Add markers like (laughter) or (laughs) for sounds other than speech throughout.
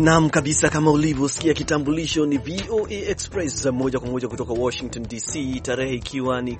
Nam kabisa, kama ulivyosikia kitambulisho, ni VOA Express moja kwa moja kutoka Washington DC, tarehe ikiwa ni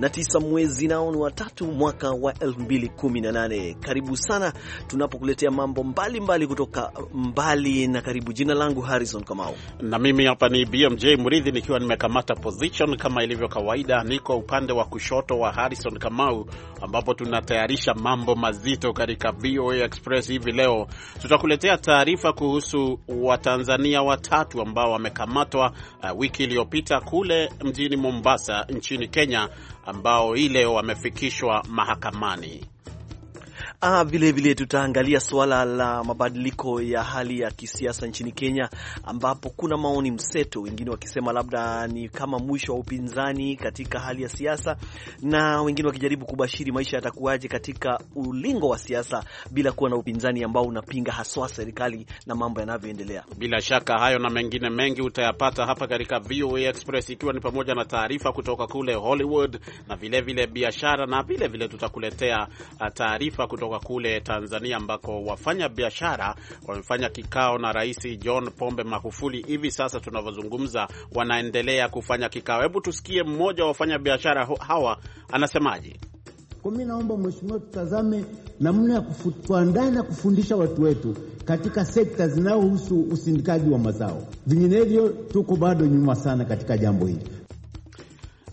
19 mwezi naoni wa tatu mwaka wa 2018. Karibu sana tunapokuletea mambo mbalimbali mbali kutoka mbali na karibu. Jina langu Harrison Kamau na mimi hapa ni BMJ Mridhi nikiwa nimekamata position kama ilivyo kawaida, niko upande wa kushoto wa Harrison Kamau, ambapo tunatayarisha mambo mazito katika VOA Express hivi leo. Tutakuletea taarifa kuhusu Watanzania watatu ambao wamekamatwa uh, wiki iliyopita kule mjini Mombasa nchini Kenya, ambao hii leo wamefikishwa mahakamani. Ah, vile vile tutaangalia suala la mabadiliko ya hali ya kisiasa nchini Kenya, ambapo kuna maoni mseto, wengine wakisema labda ni kama mwisho wa upinzani katika hali ya siasa, na wengine wakijaribu kubashiri maisha yatakuwaje katika ulingo wa siasa bila kuwa na upinzani ambao unapinga haswa serikali na mambo yanavyoendelea. Bila shaka hayo na mengine mengi utayapata hapa katika VOA Express, ikiwa ni pamoja na taarifa kutoka kule Hollywood na vilevile biashara, na vilevile tutakuletea ah, taarifa kutoka kutoka kule Tanzania ambako wafanya biashara wamefanya kikao na Rais John Pombe Magufuli. Hivi sasa tunavyozungumza, wanaendelea kufanya kikao. Hebu tusikie mmoja wa wafanya biashara hawa anasemaje. Kwa mi naomba mheshimiwa, tutazame namna ya kuandaa na kufundisha watu wetu katika sekta zinazohusu usindikaji wa mazao, vinginevyo tuko bado nyuma sana katika jambo hili.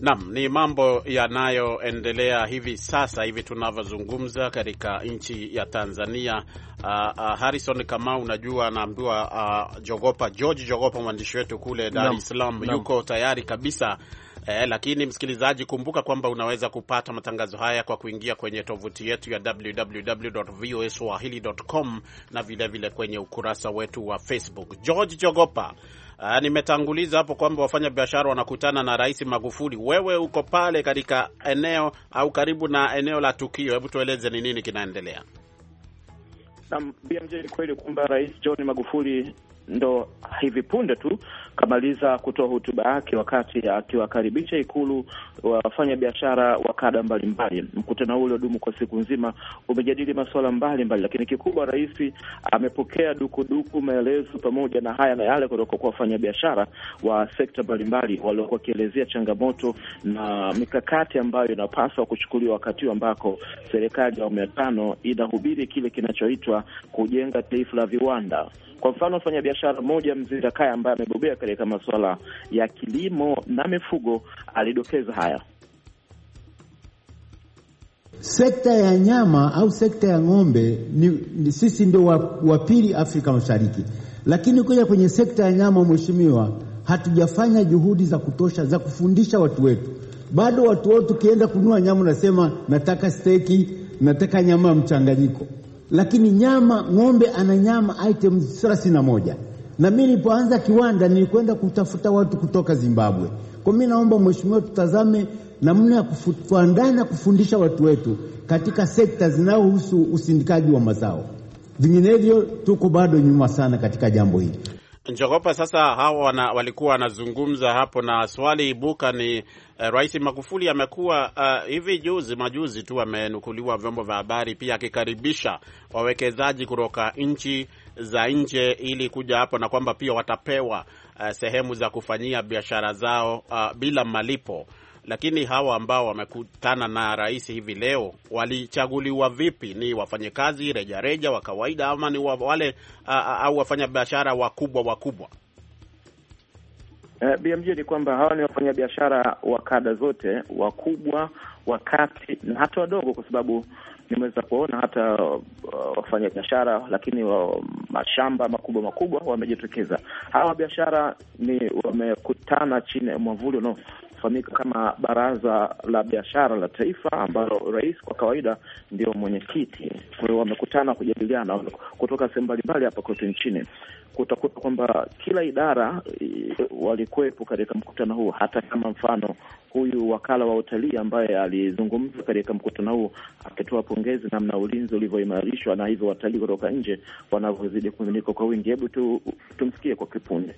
Naam, ni mambo yanayoendelea hivi sasa hivi tunavyozungumza katika nchi ya Tanzania. Uh, uh, Harrison Kamau unajua anaambiwa uh, ah, Jogopa George Jogopa mwandishi wetu kule Dar es Salaam yuko tayari kabisa. Eh, lakini msikilizaji, kumbuka kwamba unaweza kupata matangazo haya kwa kuingia kwenye tovuti yetu ya www.voaswahili.com na vilevile vile kwenye ukurasa wetu wa Facebook. George Jogopa Uh, nimetanguliza hapo kwamba wafanya biashara wanakutana na Rais Magufuli. Wewe uko pale katika eneo au karibu na eneo la tukio, hebu tueleze ni nini kinaendelea? Naam, BMJ, ni kweli kwamba Rais John Magufuli ndo hivi punde tu kamaliza kutoa hotuba yake wakati akiwakaribisha Ikulu wafanya biashara wa kada mbalimbali. Mkutano huu uliodumu kwa siku nzima umejadili masuala mbalimbali, lakini kikubwa, rais amepokea dukuduku, maelezo pamoja na haya na yale kutoka kwa wafanyabiashara wa sekta mbalimbali waliokuwa wakielezea changamoto na mikakati ambayo inapaswa kuchukuliwa wakati ambako serikali ya awamu ya tano inahubiri kile kinachoitwa kujenga taifa la viwanda. Kwa mfano wafanyabiashara biashara moja mzee Zakaya ambaye amebobea katika masuala ya kilimo na mifugo alidokeza haya. Sekta ya nyama au sekta ya ng'ombe ni, ni sisi ndio wa pili Afrika Mashariki, lakini kuja kwenye sekta ya nyama, mheshimiwa, hatujafanya juhudi za kutosha za kufundisha watu wetu. Bado watu wetu ukienda kununua nyama unasema nataka steki, nataka nyama mchanganyiko lakini nyama ng'ombe ana nyama item thelathini na moja na mi nilipoanza kiwanda nilikwenda kutafuta watu kutoka Zimbabwe. Kwa mi naomba mheshimiwa, tutazame namna ya kuandaa na kufundisha watu wetu katika sekta zinazohusu usindikaji wa mazao, vinginevyo tuko bado nyuma sana katika jambo hili. Njogopa, sasa hawa wana, walikuwa wanazungumza hapo na swali ibuka ni eh, Rais Magufuli amekuwa uh, hivi juzi majuzi tu amenukuliwa vyombo vya habari pia akikaribisha wawekezaji kutoka nchi za nje ili kuja hapo na kwamba pia watapewa uh, sehemu za kufanyia biashara zao uh, bila malipo lakini hawa ambao wamekutana na rais hivi leo walichaguliwa vipi? Ni wafanyakazi rejareja wa kawaida ama ni wale au wafanyabiashara wakubwa wakubwa? Uh, eh, BMJ ni kwamba hawa ni wafanyabiashara wa kada zote, wakubwa, wakati na hata wadogo, kwa sababu nimeweza kuona hata uh, wafanyabiashara lakini wa uh, mashamba makubwa makubwa wamejitokeza. Hawa biashara ni wamekutana chini ya mwavuli linafahamika kama Baraza la Biashara la Taifa, ambalo rais kwa kawaida ndio mwenyekiti. Kwa hiyo wamekutana kujadiliana kutoka sehemu mbalimbali hapa kote nchini. Kutakuta kwamba kila idara e, walikuwepo katika mkutano huu, hata kama mfano huyu wakala wa utalii ambaye alizungumza katika mkutano huu akitoa pongezi namna ulinzi ulivyoimarishwa na hivyo watalii kutoka nje wanavyozidi kumiminika kwa wingi. Hebu tu tumsikie kwa kipunde.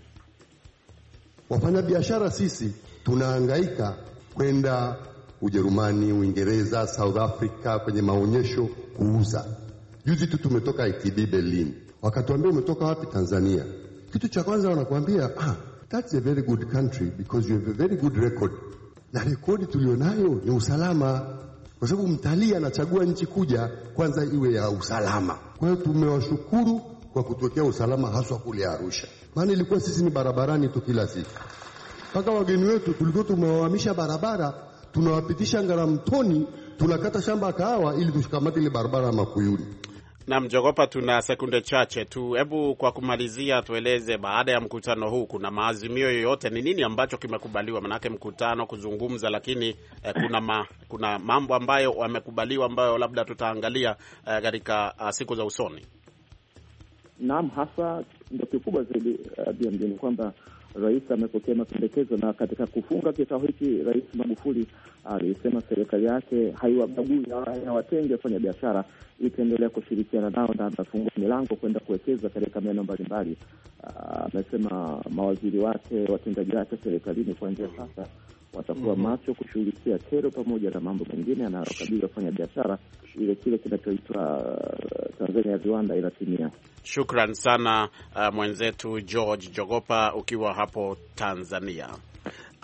Wafanyabiashara sisi tunaangaika kwenda Ujerumani, Uingereza, South Africa kwenye maonyesho kuuza. Juzi tu tumetoka ITB Berlin, wakatuambia umetoka wapi? Tanzania. Kitu cha kwanza wanakuambia ah, that's a very good country because you have a very good record. Na rekodi tulionayo ni usalama, kwa sababu mtalii anachagua nchi kuja kwanza iwe ya usalama. Kwa hiyo tumewashukuru kwa kutokea usalama, haswa kule Arusha, maana ilikuwa sisi ni barabarani tu kila siku mpaka wageni wetu tulikuwa tumewahamisha barabara, tunawapitisha Ngaramtoni, tunakata shamba kahawa ili tushikamate ile barabara ya Makuyuni. Na mjogopa, tuna sekunde chache tu. Hebu kwa kumalizia, tueleze baada ya mkutano huu kuna maazimio yoyote, ni nini ambacho kimekubaliwa? Maanake mkutano kuzungumza, lakini eh, kuna, ma, kuna mambo ambayo wamekubaliwa ambayo labda tutaangalia eh, katika eh, siku za usoni. Naam, hasa ndio kikubwa zaidi uh, ni kwamba rais amepokea mapendekezo, na katika kufunga kikao hiki Rais Magufuli alisema serikali yake haiwabagui haiwatenge wafanya biashara, itaendelea kushirikiana nao na atafungua milango kwenda kuwekeza katika maeneo mbalimbali. Amesema mawaziri wake, watendaji wake serikalini kuanzia sasa watakuwa mm -hmm. macho kushughulikia kero pamoja na mambo mengine yanayokabili kufanya biashara, ile kile kinachoitwa uh, Tanzania ya viwanda inatimia. Shukran sana uh, mwenzetu George Jogopa ukiwa hapo Tanzania.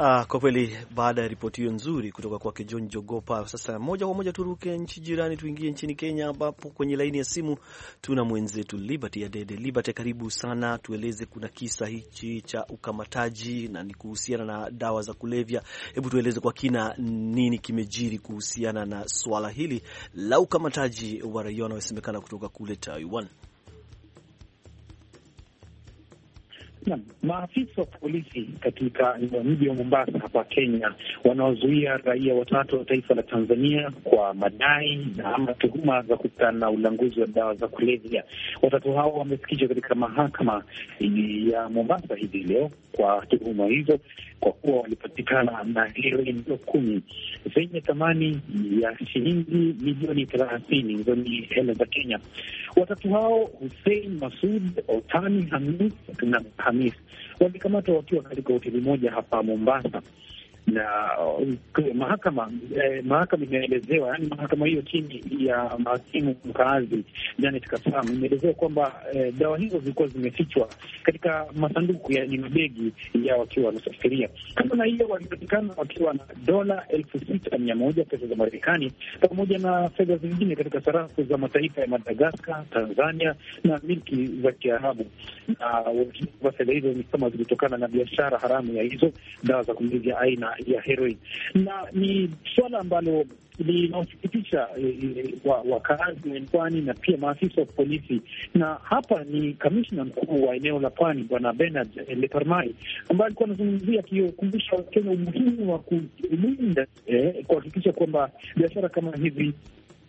Ah, kwa kweli baada ya ripoti hiyo nzuri kutoka kwake John Jogopa, sasa moja kwa moja turuke nchi jirani, tuingie nchini Kenya, ambapo kwenye laini ya simu tuna mwenzetu Liberty Adede. Liberty, karibu sana, tueleze kuna kisa hichi cha ukamataji na ni kuhusiana na dawa za kulevya. Hebu tueleze kwa kina nini kimejiri kuhusiana na swala hili la ukamataji wa raia wanaosemekana kutoka kule Taiwan. Naam, maafisa wa polisi katika mji wa Mombasa hapa Kenya wanaozuia raia watatu wa taifa la Tanzania kwa madai na ama tuhuma za kukutana na ulanguzi wa dawa za kulevya. Watatu hao wamefikishwa katika mahakama ya Mombasa hivi leo kwa tuhuma hizo, kwa kuwa walipatikana na heroin kumi zenye thamani ya shilingi milioni thelathini, hizo ni hela za Kenya. Watatu hao Hussein Masud, Otani Hamis na Alhamis walikamatwa wakiwa katika hoteli moja hapa Mombasa na uh, mahakama eh, mahakama imeelezewa yani, mahakama hiyo chini ya mahakimu mkaazi Janet Kasam imeelezewa kwamba eh, dawa hizo zilikuwa zimefichwa katika masanduku yani mabegi ya wakiwa wanasafiria. Kama na hiyo, walipatikana wakiwa na dola elfu sita mia moja pesa za Marekani pamoja na fedha zingine katika sarafu za mataifa ya Madagaskar, Tanzania na milki za Kiarabu, na uh, fedha hizo ni kama zilitokana na biashara haramu ya hizo dawa za kumiza aina ya heroin, na ni suala ambalo linaosikitisha wakazi eh, eh, wa pwani na pia maafisa wa polisi. Na hapa ni kamishna mkuu wa eneo la pwani Bwana Bernard Leparmai ambaye alikuwa anazungumzia akiokumbusha Wakenya umuhimu wa kulinda eh, kuhakikisha kwamba biashara kama hizi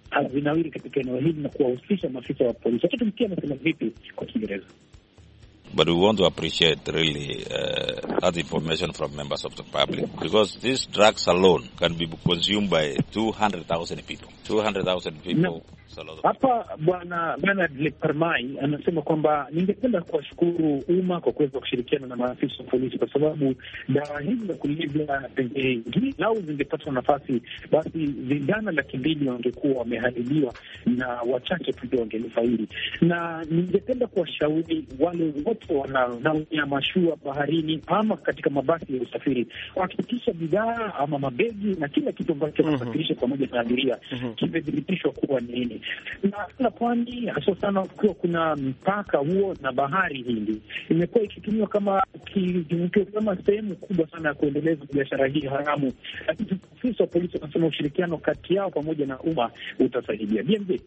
hazinawiri katika eneo hili na kuwahusisha maafisa wa polisi. Wacha tumsikia anasema vipi kwa Kiingereza. But we want to appreciate really uh, that information from members of the public because these drugs alone can be consumed by 200,000 people. hapa. Bwana Bernard Leparmai anasema kwamba ningependa kuwashukuru umma kwa kuweza kushirikiana na maafisa wa polisi, kwa sababu dawa hizi za kulevya pengine lau zingepatwa nafasi, basi vijana laki mbili wangekuwa wameharibiwa na wachache tu ndio Na ningependa kuwashauri wale wote wanaonaumia mashua baharini ama katika mabasi ya usafiri, kuhakikisha bidhaa ama mabegi na kila kitu ambacho mhm. wanasafirisha pamoja na abiria mhm kimethibitishwa kuwa nini, na pwani hasa sana ukiwa kuna mpaka huo na bahari Hindi imekuwa ikitumiwa kama kivutio, kama sehemu kubwa sana ya kuendeleza biashara hii haramu. Lakini ofisa wa polisi wanasema ushirikiano kati yao pamoja na umma utasaidia bmj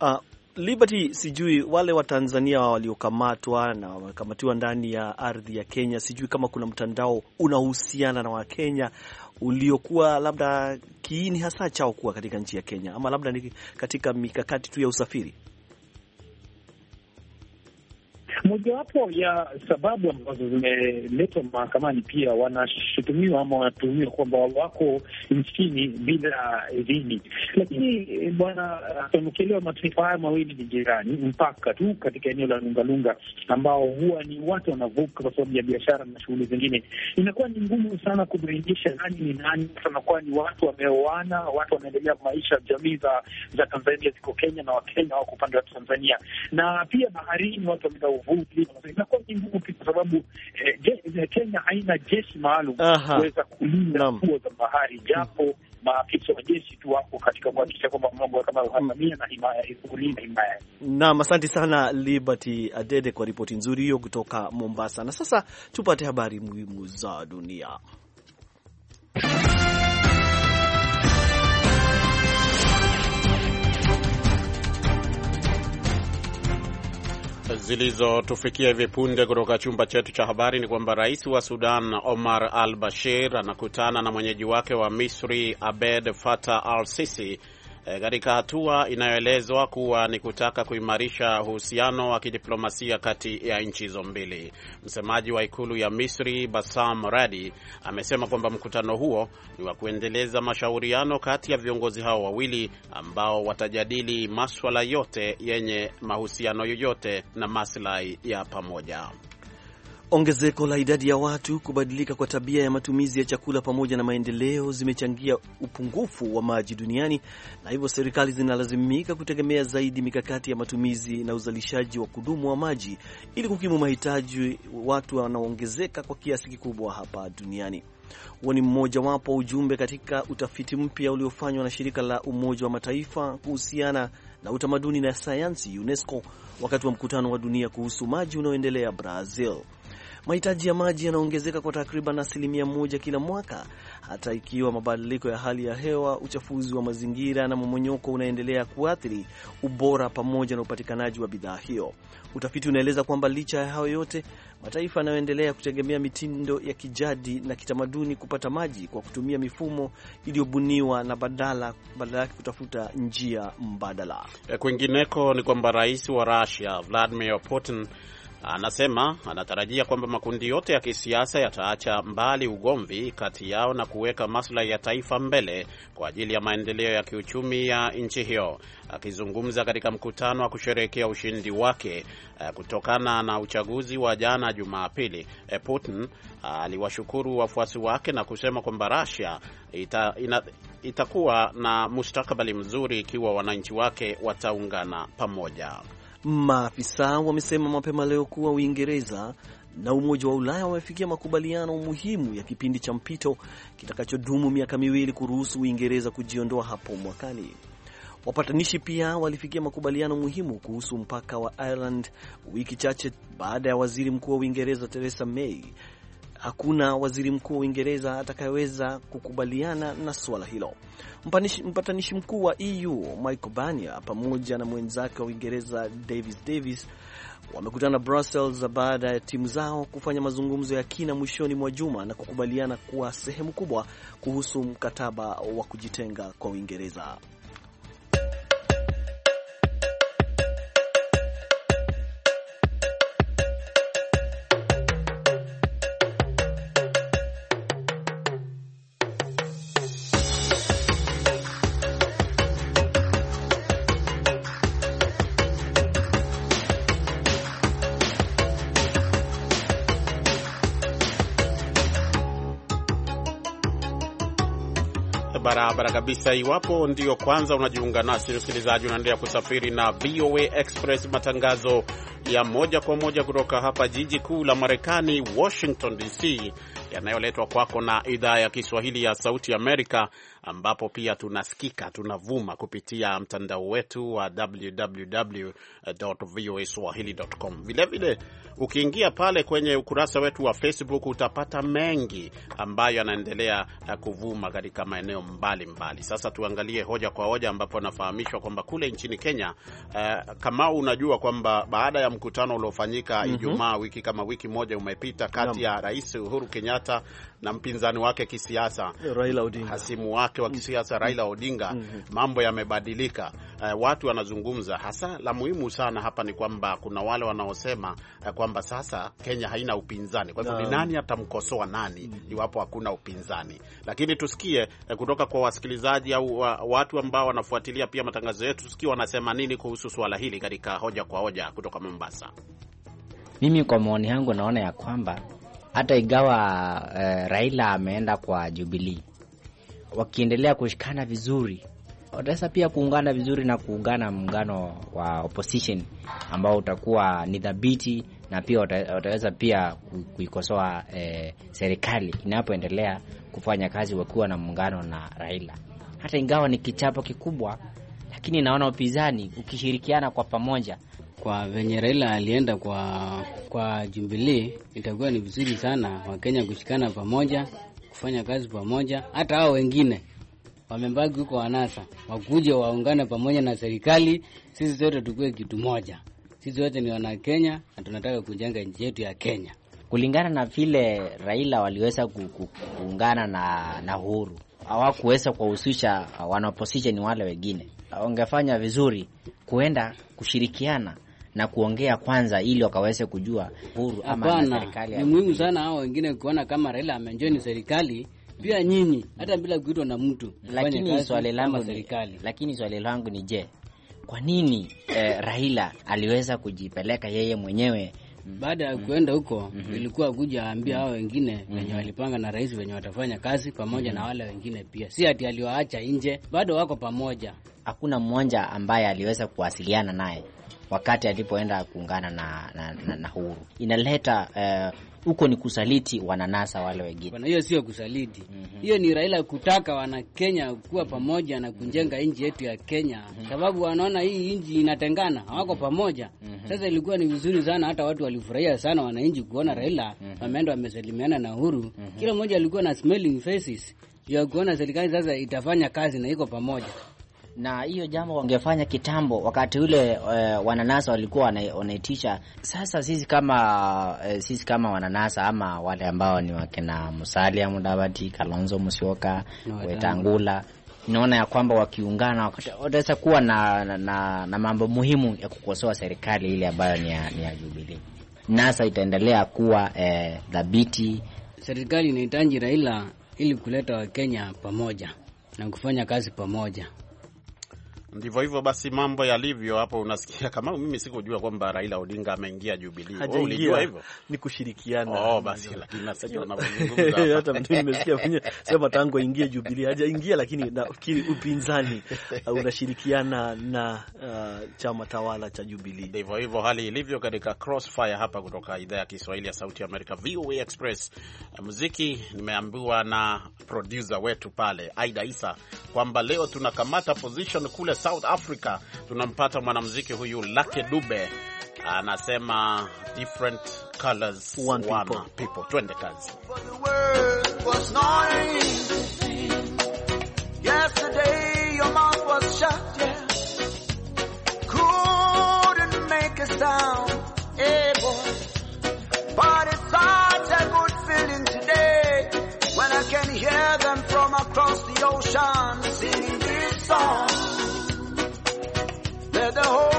ah, Liberty, sijui wale Watanzania waliokamatwa na wamekamatiwa ndani ya ardhi ya Kenya, sijui kama kuna mtandao unahusiana na Wakenya uliokuwa labda kiini hasa chao kuwa katika nchi ya Kenya, ama labda ni katika mikakati tu ya usafiri. Mojawapo ya sababu ambazo zimeletwa mahakamani, pia wanashutumiwa ama wanatuhumiwa kwamba wako nchini bila idhini, lakini eh, bwana amekelewa. Mataifa haya mawili ni jirani, mpaka tu katika eneo la Lungalunga ambao huwa ni watu wanavuka kwa sababu ya biashara na shughuli zingine. Inakuwa ni ngumu sana kubainisha nani ni nani, nakuwa ni watu wameoana, watu wanaendelea maisha. Jamii za za Tanzania ziko Kenya na Wakenya wako upande wa Tanzania, na pia baharini watu wameenda vurugu inakuwa ni ngumu kwa sababu eh, eh, Kenya haina jeshi maalum kuweza kulinda fuo za bahari, japo maafisa wa jeshi tu wako katika kuhakikisha kwamba mambo kama uhamia na himaya eh, kulinda himaya. Naam, asante sana Liberty Adede kwa ripoti nzuri hiyo kutoka Mombasa. Na sasa tupate habari muhimu za dunia. zilizotufikia hivi punde kutoka chumba chetu cha habari ni kwamba rais wa Sudan Omar al Bashir anakutana na mwenyeji wake wa Misri Abed Fatah al Sisi Eh, katika hatua inayoelezwa kuwa ni kutaka kuimarisha uhusiano wa kidiplomasia kati ya nchi hizo mbili. Msemaji wa ikulu ya Misri Bassam Radi amesema kwamba mkutano huo ni wa kuendeleza mashauriano kati ya viongozi hao wawili ambao watajadili maswala yote yenye mahusiano yoyote na maslahi ya pamoja. Ongezeko la idadi ya watu, kubadilika kwa tabia ya matumizi ya chakula pamoja na maendeleo zimechangia upungufu wa maji duniani, na hivyo serikali zinalazimika kutegemea zaidi mikakati ya matumizi na uzalishaji wa kudumu wa maji ili kukimu mahitaji watu wanaoongezeka kwa kiasi kikubwa hapa duniani. Huo ni mmojawapo ujumbe katika utafiti mpya uliofanywa na shirika la Umoja wa Mataifa kuhusiana na utamaduni na sayansi UNESCO wakati wa mkutano wa dunia kuhusu maji unaoendelea Brazil. Mahitaji ya maji yanaongezeka kwa takriban asilimia moja kila mwaka, hata ikiwa mabadiliko ya hali ya hewa, uchafuzi wa mazingira na momonyoko unaendelea kuathiri ubora pamoja na upatikanaji wa bidhaa hiyo. Utafiti unaeleza kwamba licha ya hayo yote, mataifa yanayoendelea kutegemea mitindo ya kijadi na kitamaduni kupata maji kwa kutumia mifumo iliyobuniwa na badala badala yake kutafuta njia mbadala. Eh, kwingineko ni kwamba rais wa Russia Vladimir Putin Anasema anatarajia kwamba makundi yote ya kisiasa yataacha mbali ugomvi kati yao na kuweka maslahi ya taifa mbele kwa ajili ya maendeleo ya kiuchumi ya nchi hiyo. Akizungumza katika mkutano wa kusherehekea ushindi wake eh, kutokana na uchaguzi wa jana Jumapili, eh, Putin eh, aliwashukuru wafuasi wake na kusema kwamba Russia ita, ina, itakuwa na mustakabali mzuri ikiwa wananchi wake wataungana pamoja. Maafisa wamesema mapema leo kuwa Uingereza na Umoja wa Ulaya wamefikia makubaliano muhimu ya kipindi cha mpito kitakachodumu miaka miwili kuruhusu Uingereza kujiondoa hapo mwakani. Wapatanishi pia walifikia makubaliano muhimu kuhusu mpaka wa Ireland wiki chache baada ya waziri mkuu wa Uingereza Theresa May Hakuna waziri mkuu wa Uingereza atakayeweza kukubaliana na suala hilo. Mpatanishi mkuu wa EU Michael Barnier pamoja na mwenzake wa Uingereza Davis Davis wamekutana Brussels baada ya timu zao kufanya mazungumzo ya kina mwishoni mwa juma na kukubaliana kwa sehemu kubwa kuhusu mkataba wa kujitenga kwa Uingereza. kabisa. Iwapo ndio kwanza unajiunga nasi, msikilizaji, unaendelea kusafiri na VOA Express, matangazo ya moja kwa moja kutoka hapa jiji kuu la Marekani, Washington DC yanayoletwa kwako na idhaa ya Kiswahili ya Sauti Amerika, ambapo pia tunasikika tunavuma kupitia mtandao wetu wa www.voaswahili.com. Vilevile ukiingia pale kwenye ukurasa wetu wa Facebook utapata mengi ambayo yanaendelea kuvuma katika maeneo mbalimbali mbali. Sasa tuangalie hoja kwa hoja, ambapo anafahamishwa kwamba kule nchini Kenya uh, eh, kama unajua kwamba baada ya mkutano uliofanyika mm -hmm. Ijumaa wiki kama wiki moja umepita kati ya Rais Uhuru Kenyatta Kenyatta na mpinzani wake kisiasa Raila Odinga, hasimu wake wa kisiasa mm-hmm. Raila Odinga. mm -hmm. Mambo yamebadilika, uh, watu wanazungumza. Hasa la muhimu sana hapa ni kwamba kuna wale wanaosema uh, kwamba sasa Kenya haina upinzani, kwa hivyo ni nani atamkosoa nani mm-hmm. iwapo hakuna upinzani? Lakini tusikie uh, kutoka kwa wasikilizaji au uh, watu ambao wanafuatilia pia matangazo yetu, tusikie wanasema nini kuhusu swala hili katika hoja kwa hoja kutoka Mombasa. Mimi kwa maoni yangu naona ya kwamba hata ingawa eh, Raila ameenda kwa Jubilee, wakiendelea kushikana vizuri wataweza pia kuungana vizuri na kuungana muungano wa opposition ambao utakuwa ni thabiti na pia wataweza pia kuikosoa eh, serikali inapoendelea kufanya kazi wakiwa na muungano na Raila. Hata ingawa ni kichapo kikubwa, lakini naona upinzani ukishirikiana kwa pamoja kwa venye Raila alienda kwa, kwa Jubilee, itakuwa ni vizuri sana Wakenya kushikana pamoja, kufanya kazi pamoja. Hata hao wengine wamebaki huko wanasa, wakuja waungane pamoja na serikali, sisi zote tukue kitu moja. Sisi wote ni wana Kenya na tunataka kujenga nchi yetu ya Kenya kulingana na vile Raila waliweza kuungana na, na Uhuru hawakuweza kuwahusisha wana opposition wale wengine. Wangefanya vizuri kuenda kushirikiana na kuongea kwanza, ili wakaweze kujua huru ama serikali. Ni muhimu sana hao wengine kuona kama Raila amenjoin serikali pia nyinyi hata bila kuitwa na mtu. Lakini swali langu ni, lakini swali langu ni je, kwa nini eh, Raila aliweza kujipeleka yeye mwenyewe baada ya kuenda huko mm -hmm. ilikuwa kuja ambia hao mm -hmm. wengine wenye mm -hmm. walipanga na rais wenye watafanya kazi pamoja mm -hmm. na mhm. wale wengine pia, si ati aliwaacha nje, bado wako pamoja. Hakuna mmoja ambaye aliweza kuwasiliana naye wakati alipoenda kuungana na, na, na, na Huru Inaleta eh, huko uh, ni kusaliti wananasa wale wengine bwana. Hiyo sio kusaliti mhm. hiyo, mm -hmm. ni Raila kutaka Wanakenya kuwa pamoja na kujenga nchi yetu ya Kenya mm -hmm. sababu wanaona hii nchi inatengana, hawako mhm. pamoja mm -hmm. Sasa ilikuwa ni vizuri sana, hata watu walifurahia sana wananchi kuona mhm. Raila mm -hmm. wameenda wamesalimiana na Uhuru mm -hmm. kila mmoja alikuwa na smiling faces ya kuona serikali sasa itafanya kazi na iko pamoja na hiyo jambo wangefanya kitambo, wakati ule e, wananasa walikuwa wanaitisha. Sasa sisi kama e, sisi kama wananasa ama wale ambao ni wakina Musalia Mudavadi, Kalonzo Musyoka, Wetangula naona ya kwamba wakiungana wataweza kuwa na, na, na, na mambo muhimu ya kukosoa serikali ile ambayo ni ya, ni ya Jubilee. NASA itaendelea kuwa eh, dhabiti. Eh, serikali inahitaji Raila ili kuleta Wakenya pamoja na kufanya kazi pamoja. Ndivyo hivyo basi mambo yalivyo hapo. Unasikia kama mimi sikujua kwamba Raila Odinga ameingia Jubilee. Wewe oh, ulijua hivyo? Ni kushirikiana. Oh, basi lakini nasema unavyozungumza (laughs) hata mtu nimesikia mwenyewe sema tangu aingie Jubilee hajaingia, lakini nafikiri upinzani uh, unashirikiana na uh, chama tawala cha Jubilee. Ndivyo hivyo hali ilivyo katika Crossfire hapa kutoka idhaa ya Kiswahili ya Sauti ya Amerika VOA Express. Muziki nimeambiwa na producer wetu pale Aida Isa kwamba leo tunakamata position kule South Africa, tunampata mwanamuziki huyu Lucky Dube anasema different colors one people. People. Twende kazi. Down. across the ocean sing this song. Let the whole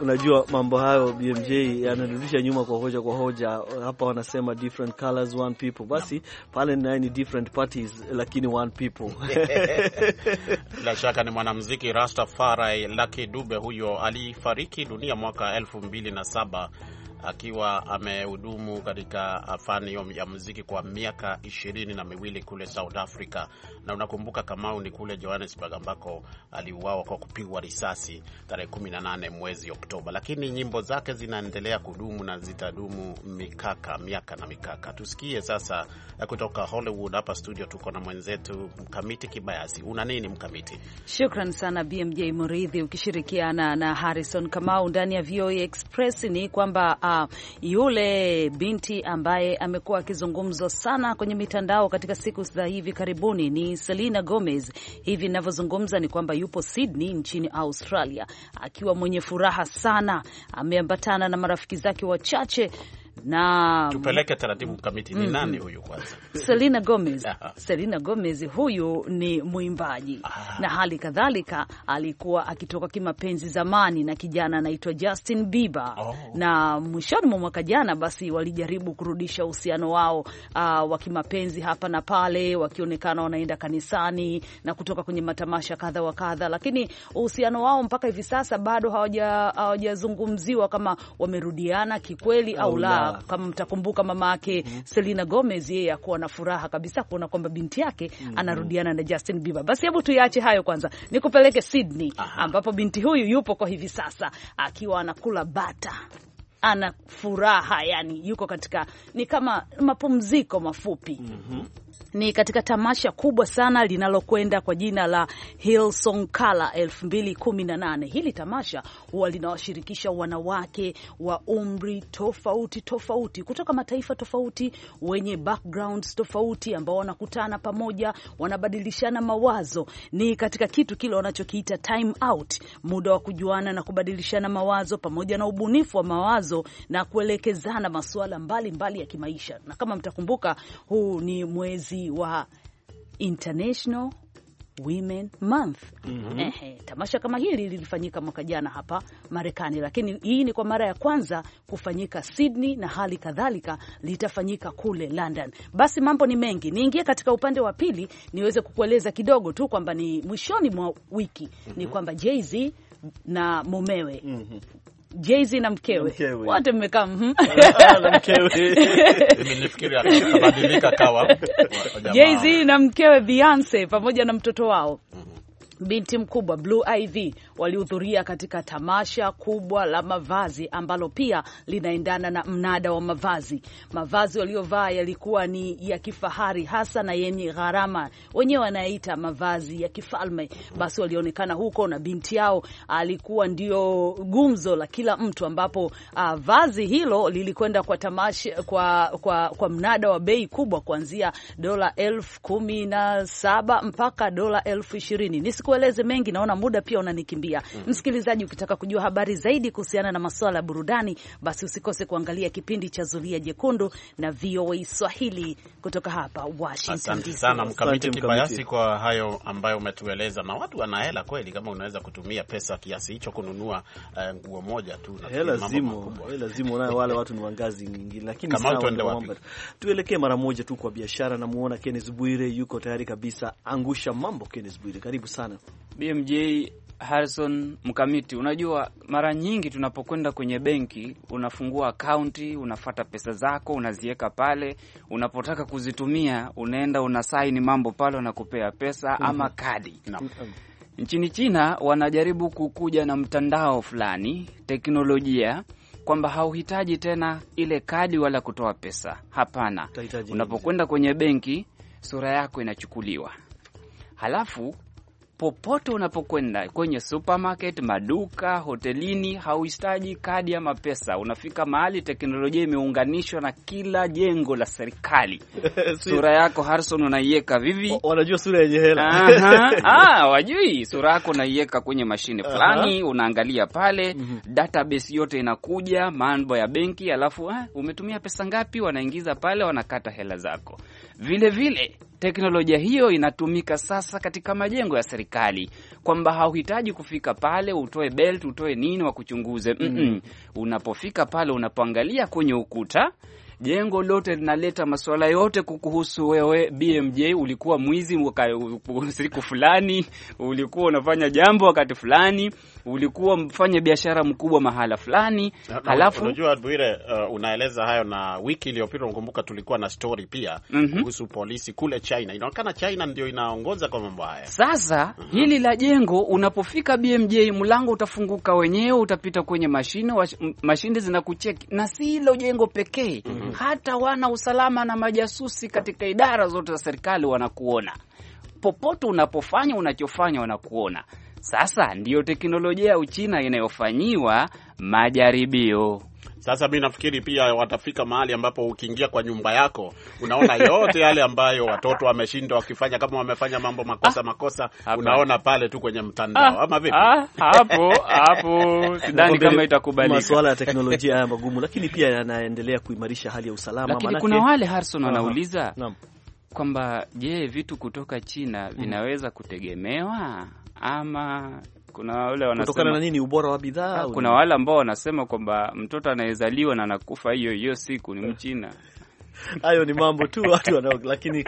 Unajua mambo hayo BMJ yanarudisha nyuma kwa hoja kwa hoja. Hapa wanasema different colors one people, basi pale naye ni different parties lakini one people. (laughs) Bila shaka ni mwanamuziki Rastafari Lucky Dube, huyo alifariki dunia mwaka elfu mbili na saba akiwa amehudumu katika fani ya muziki kwa miaka ishirini na miwili kule South Africa. Na unakumbuka Kamau, ni kule Johannesburg ambako aliuawa kwa kupigwa risasi tarehe 18 mwezi Oktoba, lakini nyimbo zake zinaendelea kudumu na zitadumu mikaka miaka na mikaka. Tusikie sasa eh, kutoka Hollywood. Hapa studio tuko na mwenzetu Mkamiti Kibayasi. Una nini Mkamiti? Shukran sana BMJ Muridhi ukishirikiana na Harrison Kamau ndani ya VOA e Express. Ni kwamba uh, yule binti ambaye amekuwa akizungumzwa sana kwenye mitandao katika siku za hivi karibuni ni Selena Gomez. Hivi ninavyozungumza ni kwamba yupo Sydney nchini Australia akiwa mwenye furaha sana, ameambatana na marafiki zake wachache na tupeleke taratibu kamiti. Ni mm, nani huyu kwanza? Selena Gomez. (laughs) Selena Gomez huyu ni mwimbaji ah, na hali kadhalika alikuwa akitoka kimapenzi zamani na kijana anaitwa Justin Bieber oh, na mwishoni mwa mwaka jana basi walijaribu kurudisha uhusiano wao uh, wa kimapenzi hapa na pale, wakionekana wanaenda kanisani na kutoka kwenye matamasha kadha wa kadha, lakini uhusiano wao mpaka hivi sasa bado hawajazungumziwa hawaja kama wamerudiana kikweli au la kama mtakumbuka mama yake mm -hmm. Selena Gomez yeye akuwa na furaha kabisa kuona kwamba binti yake mm -hmm. anarudiana na Justin Bieber. Basi hebu tuiache hayo kwanza, nikupeleke Sydney Aha. ambapo binti huyu yupo kwa hivi sasa akiwa anakula bata ana furaha yani, yuko katika ni kama mapumziko mafupi mm -hmm ni katika tamasha kubwa sana linalokwenda kwa jina la Hillsong Kala 2018. Hili tamasha huwa linawashirikisha wanawake wa umri tofauti tofauti kutoka mataifa tofauti, wenye backgrounds tofauti, ambao wanakutana pamoja, wanabadilishana mawazo. Ni katika kitu kile wanachokiita time out, muda wa kujuana na kubadilishana mawazo pamoja na ubunifu wa mawazo na kuelekezana masuala mbalimbali ya kimaisha. Na kama mtakumbuka, huu ni mwezi mwezi wa International Women Month. Mm -hmm. Ehe, tamasha kama hili lilifanyika mwaka jana hapa Marekani, lakini hii ni kwa mara ya kwanza kufanyika Sydney na hali kadhalika litafanyika kule London. Basi mambo ni mengi, niingie katika upande wa pili niweze kukueleza kidogo tu kwamba ni mwishoni mwa wiki mm -hmm. ni mhm. kwamba Jay-Z na mumewe mm -hmm. Jay-Z na mkewe wote mmekaa mm-hmm. (laughs) ah, (laughs) Jay-Z na mkewe Beyonce pamoja na mtoto wao mm binti mkubwa Blue Ivy walihudhuria katika tamasha kubwa la mavazi ambalo pia linaendana na mnada wa mavazi. Mavazi waliovaa yalikuwa ni ya kifahari hasa na yenye gharama, wenyewe wanaita mavazi ya kifalme. Basi walionekana huko na binti yao alikuwa ndio gumzo la kila mtu, ambapo uh, vazi hilo lilikwenda kwa tamasha, kwa, kwa, kwa mnada wa bei kubwa kuanzia dola elfu kumi na saba mpaka dola elfu ishirini nikueleze mengi, naona muda pia unanikimbia. mm -hmm. Msikilizaji, ukitaka kujua habari zaidi kuhusiana na masuala ya burudani, basi usikose kuangalia kipindi cha Zulia Jekundu na VOA Swahili kutoka hapa Washington. Asante sana Mkamiti Kibayasi kwa hayo ambayo umetueleza, na watu wanahela kweli, kama unaweza kutumia pesa kiasi hicho kununua uh, nguo moja tu na hela zimo, hela zimo nayo wale watu ni wangazi nyingine, lakini tuelekee mara moja tu kwa biashara. Namuona Kenneth Bwire yuko tayari kabisa. Angusha mambo, Kenneth Bwire, karibu sana. BMJ Harrison Mkamiti, unajua mara nyingi tunapokwenda kwenye benki, unafungua akaunti, unafata pesa zako, unaziweka pale, unapotaka kuzitumia unaenda unasaini mambo pale, wanakupea pesa mm -hmm. ama kadi no. mm -hmm. Nchini China wanajaribu kukuja na mtandao fulani, teknolojia kwamba hauhitaji tena ile kadi wala kutoa pesa. Hapana, unapokwenda kwenye benki sura yako inachukuliwa, halafu popote unapokwenda kwenye supermarket, maduka, hotelini, hauhitaji kadi ama pesa. Unafika mahali teknolojia imeunganishwa na kila jengo la serikali (laughs) sura yako Harrison unaiweka vivi, wanajua sura yenye hela (laughs) ah, wajui sura yako unaiweka kwenye mashine fulani, unaangalia pale mm database yote inakuja, mambo ya benki, alafu ah, umetumia pesa ngapi, wanaingiza pale, wanakata hela zako. Vilevile teknolojia hiyo inatumika sasa katika majengo ya serikali kwamba hauhitaji kufika pale utoe belt utoe nini wakuchunguze. mm -mm. Unapofika pale unapoangalia kwenye ukuta jengo lote linaleta masuala yote kukuhusu wewe, BMJ, ulikuwa mwizi siku fulani, ulikuwa unafanya jambo wakati fulani, ulikuwa mfanya biashara mkubwa mahala fulani halafu unajua Bwire, uh, unaeleza hayo, na wiki iliyopita unakumbuka tulikuwa na story pia mm -hmm. polisi kule China. Inaonekana China ndio inaongoza kwa mambo haya sasa. mm -hmm. hili la jengo, unapofika BMJ, mlango utafunguka wenyewe, utapita kwenye mashine, mashine zinakucheki, na si hilo jengo pekee mm -hmm. hata wana usalama na majasusi katika idara zote za serikali wanakuona popote unapofanya unachofanya, wanakuona sasa ndiyo teknolojia ya Uchina inayofanyiwa majaribio. Sasa mi nafikiri pia watafika mahali ambapo ukiingia kwa nyumba yako unaona yote yale ambayo watoto wameshindwa wakifanya, kama wamefanya mambo makosa ah, makosa hapa, unaona pale tu kwenye mtandao ah, ama vipi? Ah, hapo hapo (laughs) sidhani kama itakubalika. Masuala ya (laughs) teknolojia haya magumu, lakini pia yanaendelea kuimarisha hali ya usalama, lakini kuna wale Harrison wanauliza uh -huh kwamba je, vitu kutoka China mm-hmm. vinaweza kutegemewa ama kuna wale wanasema na nini, ubora wa bidhaa. Kuna wale ambao wanasema kwamba mtoto anayezaliwa na anakufa hiyo hiyo siku ni eh. Mchina. (laughs) hayo ni mambo tu watu wanao, lakini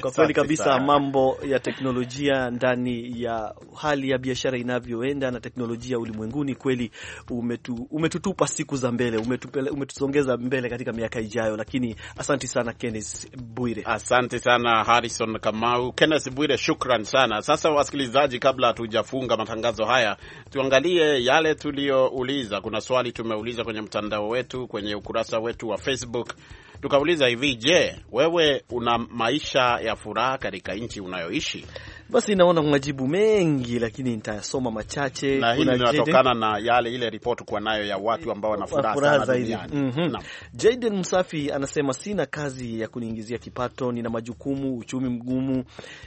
kwa kweli kabisa mambo ya teknolojia ndani ya hali ya biashara inavyoenda na teknolojia ulimwenguni kweli umetu, umetutupa siku za mbele, umetusongeza mbele katika miaka ijayo. Lakini asanti sana Kenneth Bwire, asante sana Harrison Kamau, Kenneth Bwire, shukran sana. Sasa wasikilizaji, kabla hatujafunga matangazo haya, tuangalie yale tuliyouliza. Kuna swali tumeuliza kwenye mtandao wetu, kwenye ukurasa wetu wa Facebook tukauliza hivi, je, wewe una maisha ya furaha katika nchi unayoishi? Basi naona majibu mengi, lakini nitasoma machache, na hili linatokana na yale ile ripoti kuwa nayo ya watu ambao wana furaha zaidi. mm -hmm. Jaden Msafi anasema sina kazi ya kuniingizia kipato, nina majukumu, uchumi mgumu,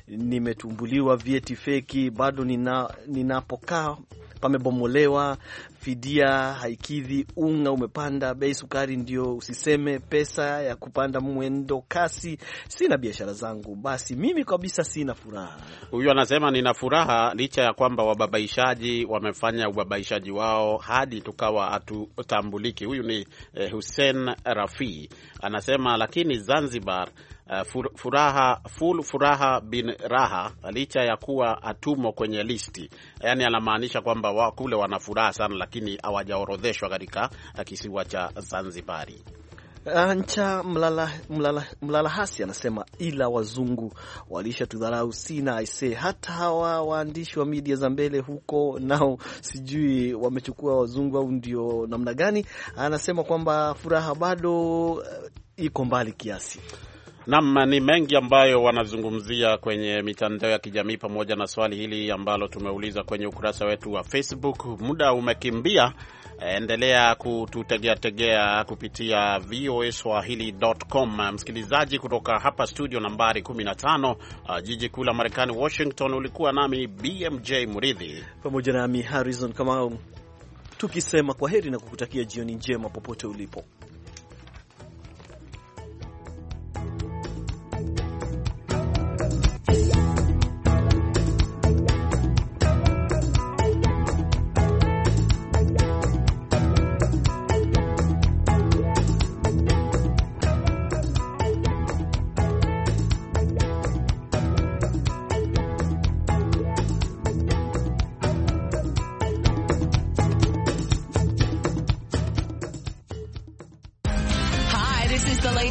nimetumbuliwa vyeti feki, bado nina, ninapokaa pamebomolewa, fidia haikidhi, unga umepanda bei, sukari ndio usiseme, pesa ya kupanda mwendo kasi, sina biashara zangu, basi mimi kabisa sina furaha. Huyu anasema nina furaha licha ya kwamba wababaishaji wamefanya ubabaishaji wao hadi tukawa hatutambuliki. Huyu ni eh, Hussein Rafi anasema, lakini Zanzibar uh, furaha, full furaha bin raha, licha ya kuwa atumo kwenye listi. Yani anamaanisha kwamba wa, kule wana furaha sana, lakini hawajaorodheshwa katika eh, kisiwa cha Zanzibari. Ancha eh, mlala, mlala, mlala hasi anasema, ila wazungu walisha tudharau, sina aisee. Hata hawa waandishi wa media za mbele huko nao sijui wamechukua wazungu au ndio namna gani? Anasema kwamba furaha bado iko mbali kiasi. Naam, ni mengi ambayo wanazungumzia kwenye mitandao ya kijamii pamoja na swali hili ambalo tumeuliza kwenye ukurasa wetu wa Facebook. Muda umekimbia, endelea kututegeategea kupitia voaswahili.com. Msikilizaji kutoka hapa studio nambari 15, uh, jiji kuu la Marekani Washington, ulikuwa nami BMJ Muridhi pamoja nami Harrison Kamau tukisema kwa heri na kukutakia jioni njema popote ulipo.